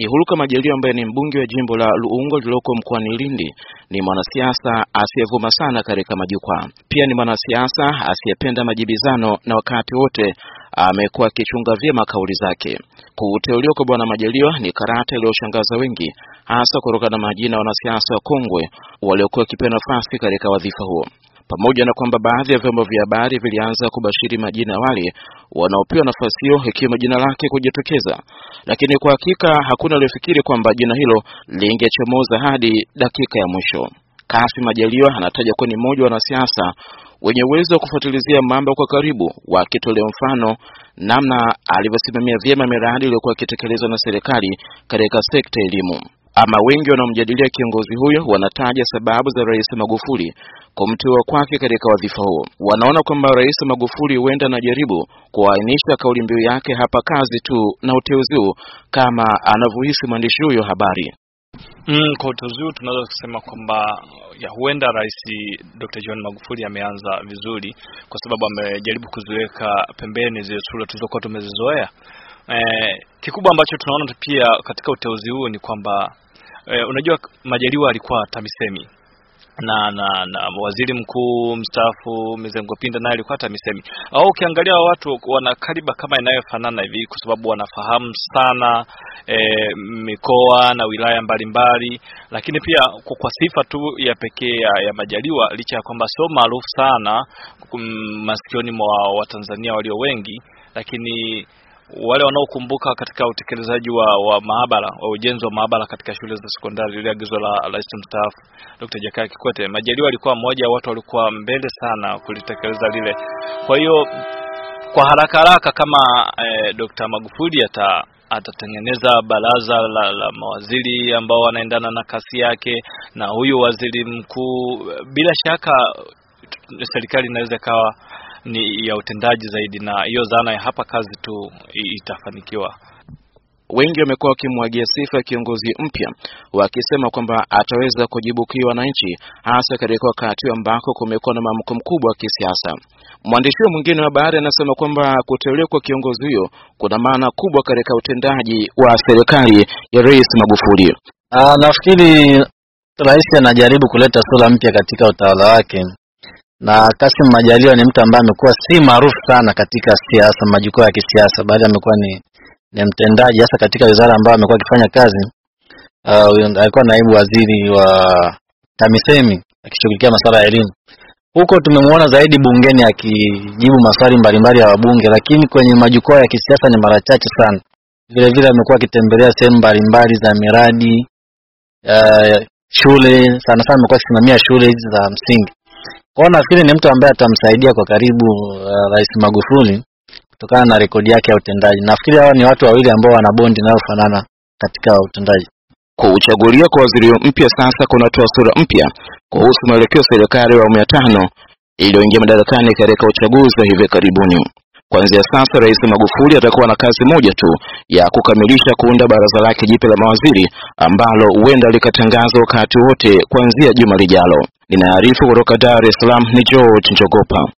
Kihuluka Majaliwa ambaye ni mbunge wa jimbo la Luungo lililoko mkoani Lindi ni mwanasiasa asiyevuma sana katika majukwaa. Pia ni mwanasiasa asiyependa majibizano na wakati wote amekuwa akichunga vyema kauli zake. Kuteuliwa kwa Bwana Majaliwa ni karata iliyoshangaza wengi, hasa kutokana na majina ya wanasiasa wakongwe waliokuwa wakipewa nafasi katika wadhifa huo pamoja na kwamba baadhi ya vyombo vya habari vilianza kubashiri majina ya wale wanaopewa nafasi hiyo ikiwemo jina lake kujitokeza, lakini kwa hakika hakuna aliyofikiri kwamba jina hilo lingechomoza hadi dakika ya mwisho. Kassim Majaliwa anataja kuwa ni mmoja wa wanasiasa wenye uwezo wa kufuatilizia mambo kwa karibu, wakitolea mfano namna alivyosimamia vyema miradi iliyokuwa ikitekelezwa na serikali katika sekta elimu. Ama wengi wanaomjadilia kiongozi huyo wanataja sababu za Rais Magufuli kumteua kwake katika wadhifa huo. Wanaona kwamba Rais Magufuli huenda anajaribu kuainisha kauli mbiu yake hapa kazi tu na uteuzi huu, kama anavyohisi mwandishi huyo habari. Mm, kwa uteuzi huu tunaweza kusema kwamba ya huenda Rais Dr. John Magufuli ameanza vizuri, kwa sababu amejaribu kuziweka pembeni zile sura tulizokuwa tumezizoea. Eh, kikubwa ambacho tunaona pia katika uteuzi huu ni kwamba Eh, unajua Majaliwa alikuwa TAMISEMI na na na waziri mkuu mstaafu Mizengo Pinda naye alikuwa TAMISEMI au ukiangalia watu wana kariba kama inayofanana hivi, kwa sababu wanafahamu sana e, mikoa na wilaya mbalimbali mbali. Lakini pia kwa sifa tu ya pekee ya, ya Majaliwa licha ya kwamba sio maarufu sana mm, masikioni mwa Watanzania walio wengi, lakini wale wanaokumbuka katika utekelezaji wa, wa maabara wa ujenzi wa maabara katika shule za sekondari, ile agizo la rais mstaafu Dr. Jakaya Kikwete, Majaliwa alikuwa mmoja wa watu walikuwa mbele sana kulitekeleza lile. Kwa hiyo kwa haraka haraka kama eh, Dr. Magufuli ata atatengeneza baraza la, la mawaziri ambao wanaendana na kasi yake na huyu waziri mkuu, bila shaka serikali inaweza ikawa ni ya utendaji zaidi, na hiyo dhana ya hapa kazi tu itafanikiwa. Wengi wamekuwa wakimwagia sifa ya kiongozi mpya wakisema kwamba ataweza kujibu kiu wananchi, hasa katika wakati ambako kumekuwa na mwamko mkubwa wa kisiasa. Mwandishi huyo mwingine wa habari anasema kwamba kuteuliwa kwa kiongozi huyo kuna maana kubwa katika utendaji wa serikali ya Rais Magufuli. Ah, nafikiri rais anajaribu kuleta sura mpya katika utawala wake, na Kassim Majaliwa ni mtu ambaye amekuwa si maarufu sana katika siasa, majukwaa ya kisiasa, bali amekuwa ni, ni mtendaji hasa katika wizara ambayo amekuwa akifanya kazi. Uh, alikuwa naibu waziri wa TAMISEMI akishughulikia masuala ya elimu. Huko tumemwona zaidi bungeni akijibu maswali mbalimbali ya wabunge, lakini kwenye majukwaa ya kisiasa ni mara chache sana. Vile vile amekuwa akitembelea sehemu mbalimbali za miradi uh, shule sana sana amekuwa akisimamia shule hizi za msingi kwa hiyo nafikiri ni mtu ambaye atamsaidia kwa karibu uh, Rais Magufuli kutokana na rekodi yake ya utendaji. Nafikiri hawa ni watu wawili ambao wana bondi inayofanana katika utendaji. Kuuchagulia kwa waziri mpya sasa kunatoa sura mpya kuhusu mwelekeo serikali ya awamu ya tano iliyoingia madarakani katika uchaguzi wa hivi karibuni. Kuanzia sasa Rais Magufuli atakuwa na kazi moja tu ya kukamilisha kuunda baraza lake jipya la mawaziri ambalo huenda likatangazwa wakati wote kuanzia juma lijalo. Ninaarifu kutoka Dar es Salaam ni George Njogopa.